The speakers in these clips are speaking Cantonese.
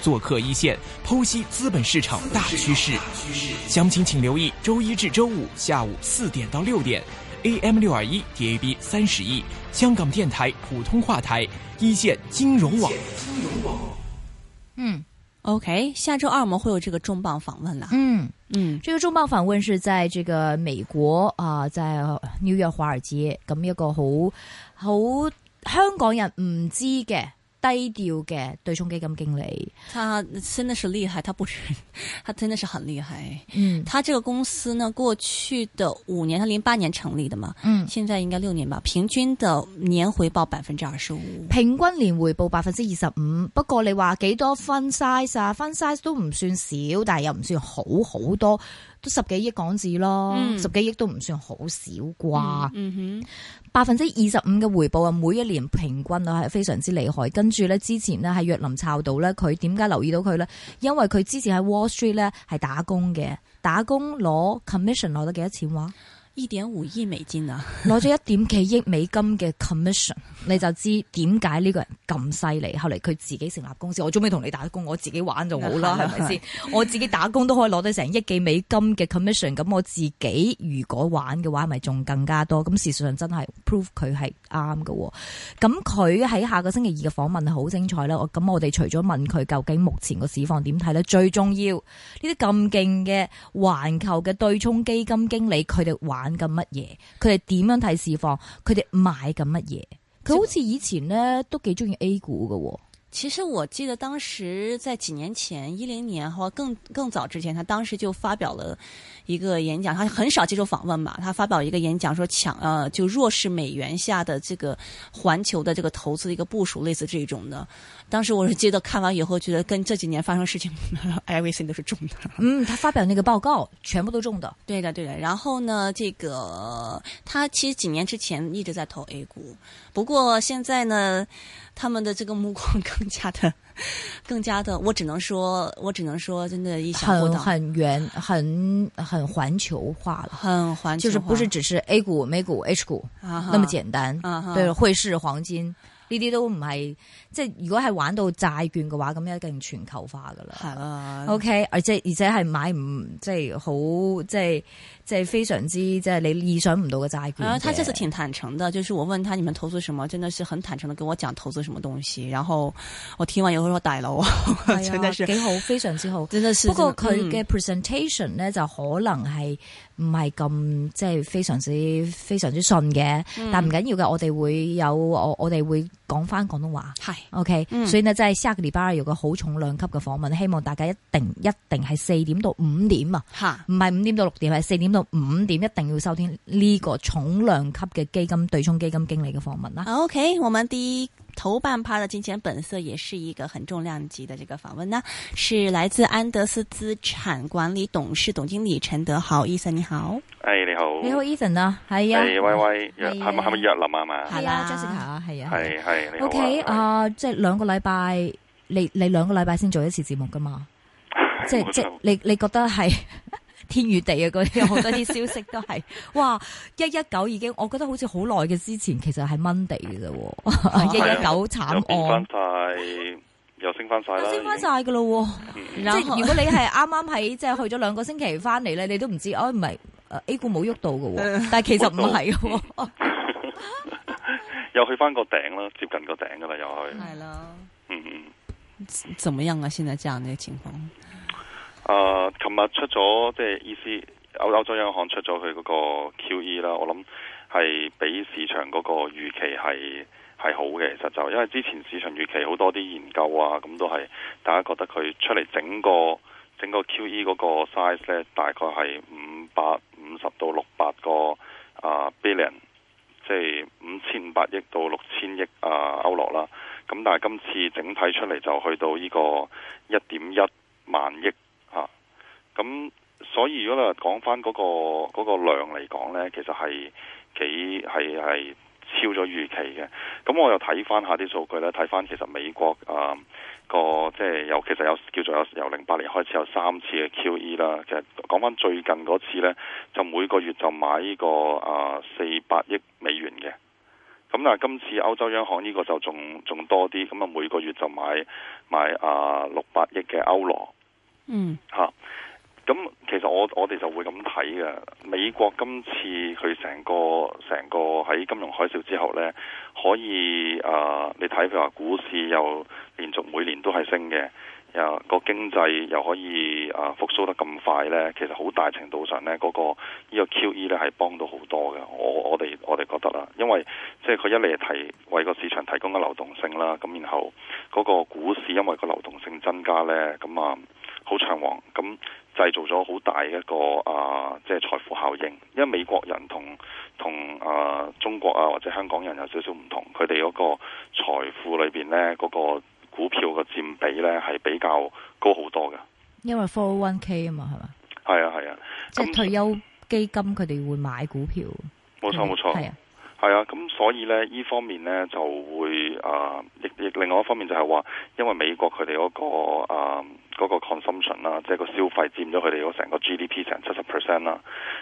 做客一線，剖析資本市場大趨勢。詳情請留意周一至周五下午四點到六點，AM 六二一，DAB 三十億，香港電台普通話台一線金融網。金融網。嗯，OK，下周二我們會有這個重磅訪問了。嗯嗯，這個重磅訪問是在這個美國啊、呃，在紐約華爾街，咁一個好好香港人唔知嘅。低調嘅對沖基金經理，他真的是厲害，他不，他真的是很厲害。嗯，他這個公司呢，過去的五年，他零八年成立的嘛，嗯，現在應該六年吧，平均的年回報百分之二十五，平均年回報百分之二十五。不過你話幾多分 size 啊？分 size 都唔算少，但係又唔算好好多。十幾億港紙咯，十幾億都唔算好少啩。嗯哼。百分之二十五嘅回報啊，每一年平均啊係非常之厲害。跟住咧，之前咧喺若林炒到咧，佢點解留意到佢咧？因為佢之前喺 Wall Street 咧係打工嘅，打工攞 commission 攞得幾多錢話？一點五億美金啊，攞咗一點幾億美金嘅 commission， 你就知點解呢個人咁犀利。後嚟佢自己成立公司，我做咩同你打工，我自己玩就好啦，係咪先？ 我自己打工都可以攞到成億幾美金嘅 commission，咁我自己如果玩嘅話，咪仲更加多。咁事實上真係 prove 佢係啱喎。咁佢喺下個星期二嘅訪問好精彩啦。咁我哋除咗問佢究竟目前個市況點睇呢？最重要呢啲咁勁嘅環球嘅對沖基金經理，佢哋玩。乜嘢？佢哋點樣睇市況？佢哋買緊乜嘢？佢好似以前咧都幾中意 A 股嘅。其實我記得當時在幾年前，一零年後更更早之前，他當時就發表了一個演講。他很少接受訪問嘛，他發表一個演講說，說搶呃，就弱勢美元下的這個環球的這個投資的一個部署，類似這種的。當時我是記得看完以後，覺得跟這幾年發生事情，everything 都是中的。嗯，他發表那個報告，全部都中的。對的，對的。然後呢，這個他其實幾年之前一直在投 A 股，不過現在呢，他們的這個目光更加的，更加的，我只能說，我只能說，真的意想不到。很很圓，很很，很環球化了。很環球化，就是不是只是 A 股、美股、H 股、uh-huh, 那麼簡單。Uh-huh、對，匯市、黃金。呢啲都唔係即係，如果係玩到債券嘅話，咁一定全球化噶啦。係啦、啊。O、okay? K，而且而且係買唔即係好即係即係非常之即係你意想唔到嘅債券、啊。他真係挺坦誠的，就是我問他你們投資什麼，真的是很坦誠的跟我講投資什麼東西，然後我聽完以後說大佬，啊、 真的是幾好，非常之好，真的是。不過佢嘅 presentation 咧、嗯、就可能係唔係咁即係非常之非常之順嘅、嗯，但唔緊要嘅，我哋會有我我哋會。講翻廣東話，係 OK，、嗯、所以呢就係下個禮拜二有個好重量級嘅訪問，希望大家一定一定係四點到五點啊，唔係五點到六點，係四點到五點，一定要收聽呢個重量級嘅基金對沖基金經理嘅訪問啦。OK，我們啲頭半趴嘅金錢本色也是一個很重量級嘅這個訪問啦、啊，是來自安德斯資產管理董事總經理陳德豪，醫生你好，哎、hey, 你好。你好，Ethan 啊，係啊，喂喂係咪係咪約林啊嘛？係啊，Jessica 啊，係啊，係係 O K 啊，即係兩個禮拜，你、啊 okay, 啊就是，兩你兩個禮拜先做一次節目噶嘛？即係即係，你你覺得係天與地啊？嗰啲，好多啲消息都係， 哇！一一九已經，我覺得好似好耐嘅之前，其實係 Monday 㗎 d a 啫。一一九慘慘案、啊、又、嗯、升翻晒，又升翻晒升翻晒噶咯，即係、嗯、如果你係啱啱喺即係去咗兩個星期翻嚟咧，你都唔知哦，唔、哎、係。誒，A 股冇喐到嘅， 但係其實唔係， 又去翻個頂啦，接近個頂噶啦，又去係 啦，嗯嗯，怎麼樣啊？現在這樣的情況，誒、呃，琴日出咗即係意思歐歐洲央行出咗佢嗰個 QE 啦，我諗係比市場嗰個預期係係好嘅，其實就因為之前市場預期好多啲研究啊，咁都係大家覺得佢出嚟整個整個 QE 嗰個 size 咧，大概係五百。十到六百個啊 billion，即係五千五百億到六千億啊歐羅啦，咁但係今次整體出嚟就去到呢個一點一萬億啊，咁所以如果你講翻嗰個嗰個量嚟講呢，其實係幾係係，超咗預期嘅，咁我又睇翻下啲數據咧，睇翻其實美國啊個即係有，其實有叫做有由零八年開始有三次嘅 QE 啦，其實講翻最近嗰次咧，就每個月就買個啊四百億美元嘅，咁但係今次歐洲央行呢個就仲仲多啲，咁啊每個月就買買啊六百億嘅歐羅，嗯嚇。啊。咁其實我我哋就會咁睇嘅。美國今次佢成個成個喺金融海嘯之後呢，可以啊，你睇佢話股市又連續每年都係升嘅，又個經濟又可以啊復甦得咁快呢。其實好大程度上呢，嗰個呢個 QE 呢係幫到好多嘅。我我哋我哋覺得啦，因為即係佢一嚟提為個市場提供嘅流動性啦，咁然後嗰個股市因為個流動性增加呢。咁啊。好暢旺，咁製造咗好大一個啊，即係財富效應。因為美國人同同啊中國啊或者香港人有少少唔同，佢哋嗰個財富裏邊咧，嗰個股票嘅佔比咧係比較高好多嘅，因為 four one k 啊嘛，係嘛？係啊，係啊，啊即係退休基金佢哋會買股票，冇錯冇錯，係啊。咁所以咧，呢方面咧就會啊，亦亦另外一方面就係話，因為美國佢哋嗰個啊。嗰個 consumption 啦，即係個消費佔咗佢哋個成個 GDP 成七十 percent 啦。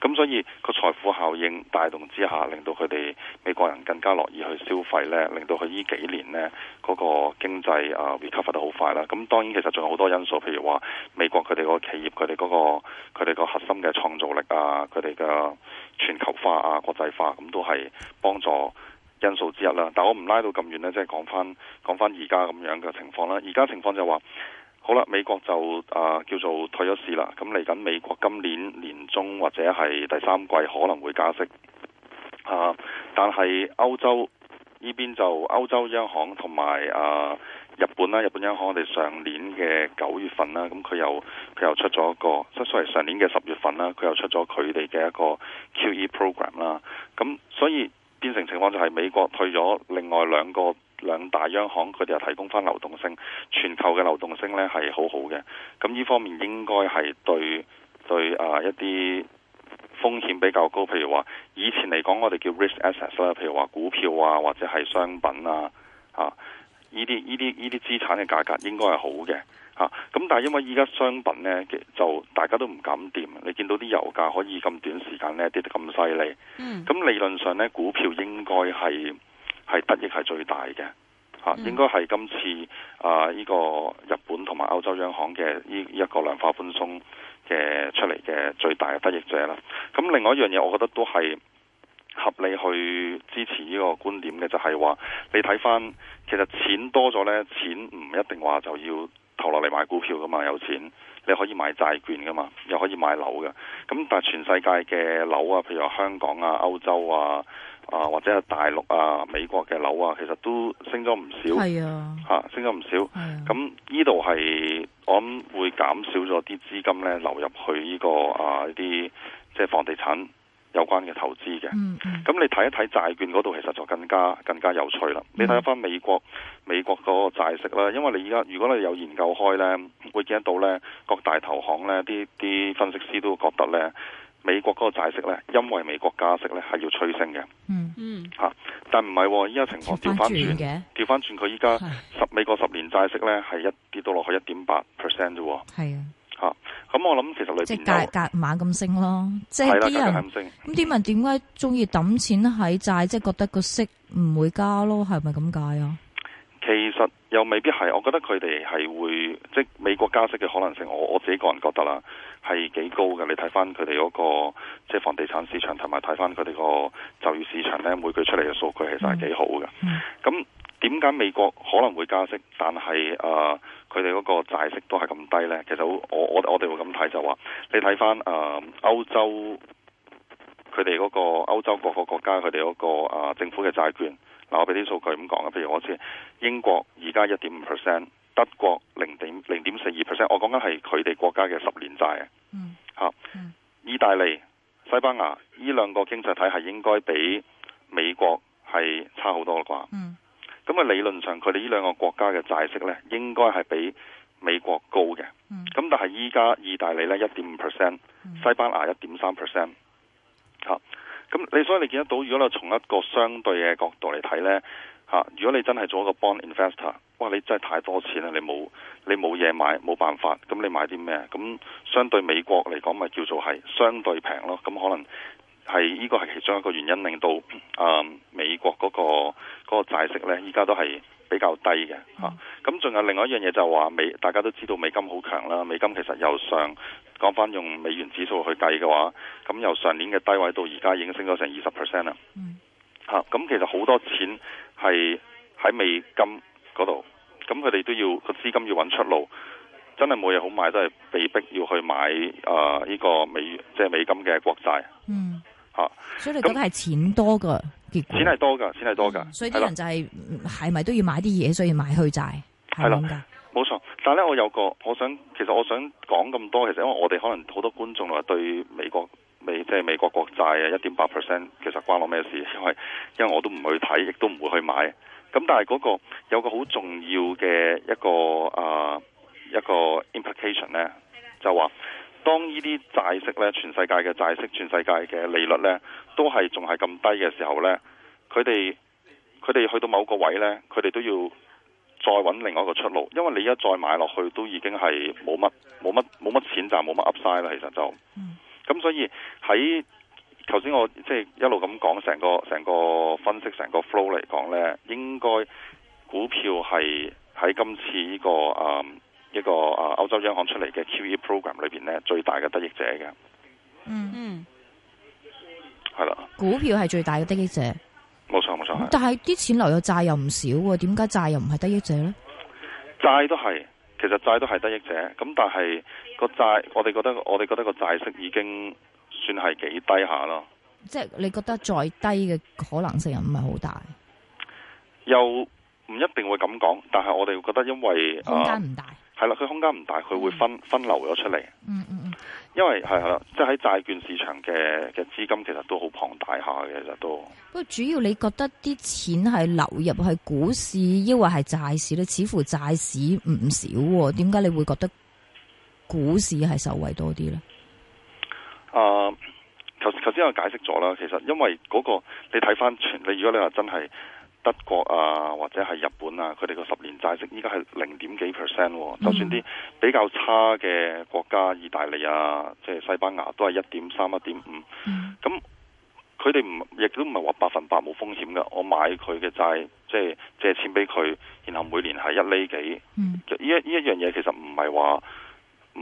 咁所以個財富效應帶動之下，令到佢哋美國人更加樂意去消費咧，令到佢呢幾年咧嗰個經濟啊 recover 得好快啦。咁當然其實仲有好多因素，譬如話美國佢哋個企業佢哋嗰個佢哋個核心嘅創造力啊，佢哋嘅全球化啊、國際化咁都係幫助因素之一啦。但係我唔拉到咁遠咧，即係講翻講翻而家咁樣嘅情況啦。而家情況就話。好啦，美國就啊叫做退咗市啦。咁嚟緊美國今年年中或者係第三季可能會加息啊。但係歐洲呢邊就歐洲央行同埋啊日本啦，日本央行我哋上年嘅九月份啦，咁佢又佢又出咗一個，即係所謂上年嘅十月份啦，佢又出咗佢哋嘅一個 QE program 啦。咁所以變成情況就係美國退咗另外兩個兩大央行佢哋又提供翻流動性，全球嘅流動性咧係好好嘅。咁呢方面應該係對對啊一啲風險比較高，譬如話以前嚟講我哋叫 risk assets 啦，譬如話股票啊或者係商品啊啊，依啲依啲依啲資產嘅價格應該係好嘅嚇。咁但係因為依家商品咧就大家都唔敢掂，你見到啲油價可以咁短時間咧跌得咁犀利，咁理論上咧股票應該係。係得益係最大嘅，嚇、啊、應該係今次啊呢、這個日本同埋歐洲央行嘅呢一個量化寬鬆嘅出嚟嘅最大嘅得益者啦。咁另外一樣嘢，我覺得都係合理去支持呢個觀點嘅，就係、是、話你睇翻其實錢多咗呢，錢唔一定話就要投落嚟買股票㗎嘛，有錢。你可以買債券噶嘛，又可以買樓嘅。咁但係全世界嘅樓啊，譬如香港啊、歐洲啊、啊或者大陸啊、美國嘅樓啊，其實都升咗唔少。係啊，啊，升咗唔少。咁呢度係我諗會減少咗啲資金咧流入去呢個啊啲即係房地產。有關嘅投資嘅，咁、嗯嗯、你睇一睇債券嗰度，其實就更加更加有趣啦、嗯。你睇翻美國美國嗰個債息啦，因為你依家如果你有研究開呢，會見得到呢各大投行呢啲啲分析師都會覺得呢，美國嗰個債息呢，因為美國加息呢係要趨升嘅。嗯嗯，啊、但唔係喎，依家情況調翻轉嘅，調翻轉佢依家十美國十年債息呢係一跌到落去一點八 percent 喎。係啊。咁、嗯、我諗，其實你即係隔隔晚咁升咯，即係啲人咁點問？點解中意抌錢喺債？即、就、係、是、覺得個息唔會加咯？係咪咁解啊？其實又未必係，我覺得佢哋係會即係美國加息嘅可能性，我我自己個人覺得啦，係幾高嘅。你睇翻佢哋嗰個即係房地產市場，同埋睇翻佢哋個就業市場咧，每句出嚟嘅數據其實係幾好嘅。咁點解美國可能會加息？但係誒。呃佢哋嗰個債息都係咁低呢。其實我我我我哋會咁睇就話，你睇翻誒歐洲佢哋嗰個歐洲各個國家佢哋嗰個、啊、政府嘅債券，嗱、啊、我俾啲數據咁講啊，譬如我知英國而家一點五 percent，德國零點零點四二 percent，我講緊係佢哋國家嘅十年債、嗯、啊，嗯，嚇，意大利、西班牙呢兩個經濟體係應該比美國係差好多啩？嗯咁啊，理論上佢哋呢兩個國家嘅債息呢應該係比美國高嘅。咁、嗯、但係依家意大利呢一點五 percent，西班牙一點三 percent。嚇，咁你所以你見得到，如果你從一個相對嘅角度嚟睇呢，嚇、啊，如果你真係做一個 bond investor，哇，你真係太多錢啦，你冇你冇嘢買，冇辦法。咁你買啲咩？咁相對美國嚟講，咪叫做係相對平咯。咁可能。係呢個係其中一個原因，令到啊、嗯、美國嗰、那個嗰、那個、債息呢，依家都係比較低嘅嚇。咁、嗯、仲、啊、有另外一樣嘢就係話美，大家都知道美金好強啦。美金其實又想講返用美元指數去計嘅話，咁由上年嘅低位到而家已經升咗成二十 percent 啦。嚇、嗯、咁、啊嗯、其實好多錢係喺美金嗰度，咁佢哋都要個資金要揾出路，真係冇嘢好買，都係被逼要去買啊呢、呃這個美即係、就是、美金嘅國債。嗯啊、所以你覺得係錢多嘅結果？錢係多噶錢係多噶、嗯。所以啲人就係係咪都要買啲嘢，所以買去債係咁噶。冇錯。但係咧，我有個，我想其實我想講咁多，其實因為我哋可能好多觀眾話對美國美即係美國國債啊，一點八 percent，其實關我咩事？因為因為我都唔去睇，亦都唔會去買。咁但係嗰個有個好重要嘅一個啊一個 implication 咧，就話。當呢啲債息呢，全世界嘅債息、全世界嘅利率呢都係仲係咁低嘅時候呢，佢哋佢哋去到某個位呢，佢哋都要再揾另外一個出路，因為你一再買落去都已經係冇乜冇乜冇乜錢賺，冇乜 Upside 啦，其實就，咁、嗯、所以喺頭先我即係、就是、一路咁講成個成個分析成個 flow 嚟講呢，應該股票係喺今次呢、呢個啊。嗯一個誒，歐洲央行出嚟嘅 QE program 裏邊咧，最大嘅得益者嘅。嗯嗯，係啦。股票係最大嘅得益者。冇錯冇錯。但係啲錢流入債又唔少喎，點解債又唔係得益者咧？債都係，其實債都係得益者。咁但係個債，我哋覺得，我哋覺得個債息已經算係幾低下啦。即係你覺得再低嘅可能性又唔係好大？又唔一定會咁講，但係我哋會覺得因為空間唔大。係啦，佢空間唔大，佢會分分流咗出嚟。嗯嗯嗯，因為係係啦，即係喺債券市場嘅嘅資金其實都好龐大下嘅，其實都。不過主要你覺得啲錢係流入去股市，抑或係債市咧？似乎債市唔少，點解你會覺得股市係受惠多啲咧？啊、呃，頭頭先我解釋咗啦，其實因為嗰個你睇翻，你如果你話真係。德國啊，或者係日本啊，佢哋個十年債息依家係零點幾 percent 啊，就算啲比較差嘅國家，意大利、啊，即係西班牙都係一點三、一點五。咁佢哋唔亦都唔係話百分百冇風險㗎，我買佢嘅債，即係借錢俾佢，然後每年係一厘幾。嗯，呢一依一樣嘢其實唔係話。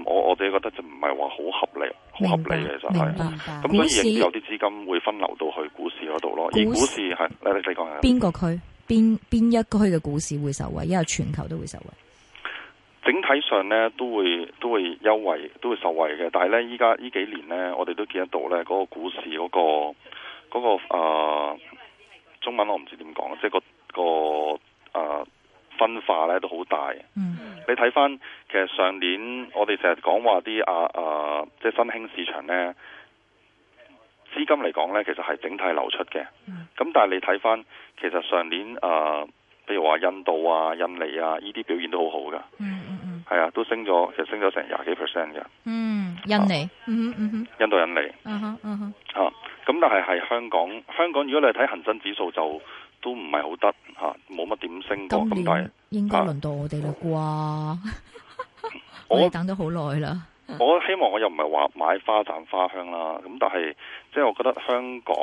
我我自己覺得就唔係話好合理，好合理嘅就係、是，咁所以亦有啲資金會分流到去股市嗰度咯。而股市係，你你講下邊個區，邊邊一區嘅股市會受惠，因為全球都會受惠。整體上咧，都會都會優惠，都會受惠嘅。但係咧，依家呢幾年咧，我哋都見得到咧，嗰、嗰個股市嗰、嗰個、嗰個誒、呃、中文我唔知點講，即、就、係、是嗰個、嗰個誒、啊、分化咧都好大。嗯。你睇翻，其實上年我哋成日講話啲啊啊，即係新興市場咧，資金嚟講咧，其實係整體流出嘅。咁、嗯、但係你睇翻，其實上年啊，譬如話印度啊、印尼啊，呢啲表現都好好噶。嗯嗯嗯。係啊，都升咗，其實升咗成廿幾 percent 嘅。嗯，印尼，啊、嗯嗯印度、印尼，嗯哼嗯哼。啊，咁、嗯嗯、但係係香港，香港如果你睇恒生指數就。都唔係好得吓，冇乜點升過。今年應該輪到我哋啦啩，我等咗好耐啦。 我希望我又唔係話買花贊花香啦，咁但係即係我覺得香港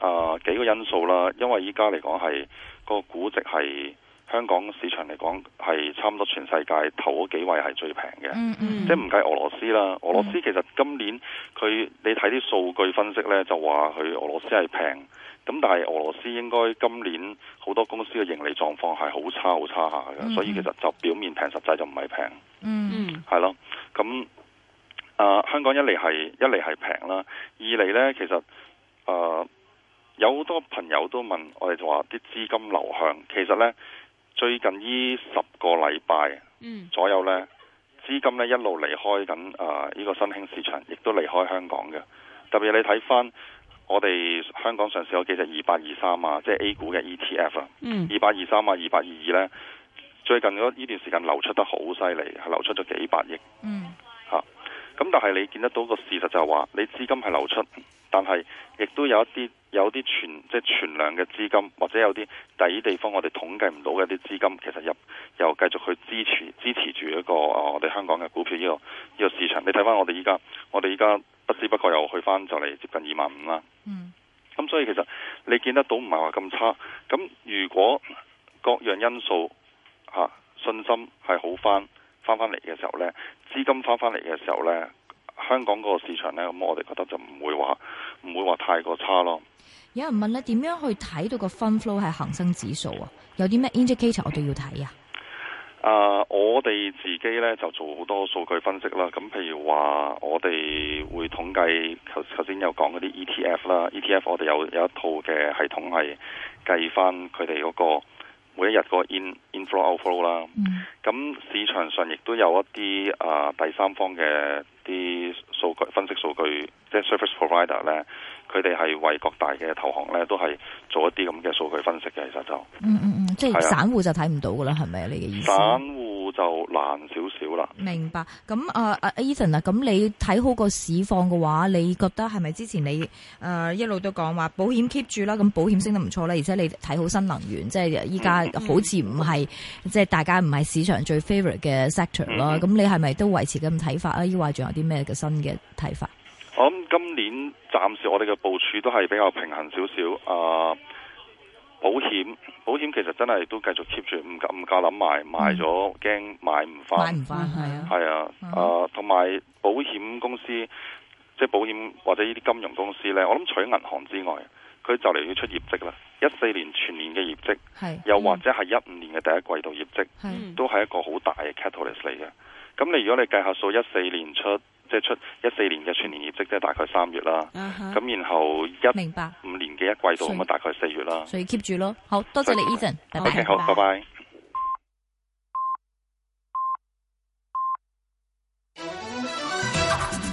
啊、呃、幾個因素啦，因為依家嚟講係個估值係香港市場嚟講係差唔多全世界頭嗰幾位係最平嘅，即係唔計俄羅斯啦。俄羅斯其實今年佢你睇啲數據分析呢，就話佢俄羅斯係平。咁但係俄羅斯應該今年好多公司嘅盈利狀況係好差好差下嘅，mm-hmm. 所以其實就表面平，實際就唔係平。嗯、mm-hmm.，係咯。咁、呃、啊，香港一嚟係一嚟係平啦，二嚟呢，其實啊、呃、有好多朋友都問我哋就話啲資金流向，其實呢，最近呢十個禮拜左右呢，mm-hmm. 資金呢一路離開緊啊呢個新興市場，亦都離開香港嘅。特別你睇翻。我哋香港上市有幾隻二八二三啊，即係 A 股嘅 ETF 啊，二八二三啊，二八二二咧，最近呢段時間流出得好犀利，係流出咗幾百億。嗯、啊。吓，咁但係你見得到個事實就係話，你資金係流出，但係亦都有一啲有啲存即係存量嘅資金，或者有啲第啲地方我哋統計唔到嘅啲資金，其實入又繼續去支持支持住一個我哋香港嘅股票呢個呢個市場。你睇翻我哋依家，我哋依家。不知不覺又去翻就嚟接近二萬五啦。嗯，咁所以其實你見得到唔係話咁差。咁如果各樣因素嚇、啊、信心係好翻，翻翻嚟嘅時候咧，資金翻翻嚟嘅時候咧，香港個市場咧，咁我哋覺得就唔會話唔會話太過差咯。有人問咧，點樣去睇到個 fund flow 係恒生指數啊？有啲咩 indicator 我都要睇啊？啊、uh、我哋自己咧就做好多數據分析啦。咁譬如話我哋會統計頭頭先有講啲 ETF 啦、mm-hmm.，ETF 我哋有有一套嘅系統係計翻佢哋個每一日個 in inflow outflow 啦、嗯，咁市場上亦都有一啲啊第三方嘅啲數據分析數據，即係 service provider 咧，佢哋係為各大嘅投行咧都係做一啲咁嘅數據分析嘅，其實就嗯嗯嗯，即係、啊、散戶就睇唔到噶啦，係咪你嘅意思？散就難少少啦。明白。咁啊 Ethan 啊，咁、uh, 你睇好個市況嘅話，你覺得係咪之前你誒、uh, 一路都講話保險 keep 住啦？咁保險升得唔錯啦，而且你睇好新能源，即係依家好似唔係即係大家唔係市場最 favourite 嘅 sector 囉、嗯。咁你係咪都維持咁睇法啊？抑或仲有啲咩嘅新嘅睇法？我諗今年暫時我哋嘅部署都係比較平衡少少啊。Uh, 保險保險其實真係都繼續 keep 住，唔唔夠諗賣賣咗驚買唔翻、買唔翻係啊係啊，同埋、啊啊、保險公司即係、就是、保險或者呢啲金融公司咧，我諗除咗銀行之外，佢就嚟要出業績啦。一四年全年嘅業績，又或者係一五年嘅第一季度業績，都係一個好大嘅 catalyst 嚟嘅。咁你如果你計下數一四年出。即係出一四年嘅全年業績，即係大概三月啦。咁、uh-huh. 然後一五年嘅一季度咁啊，大概四月啦。所以 keep 住咯。好多謝你，Ethan。OK，好，拜拜。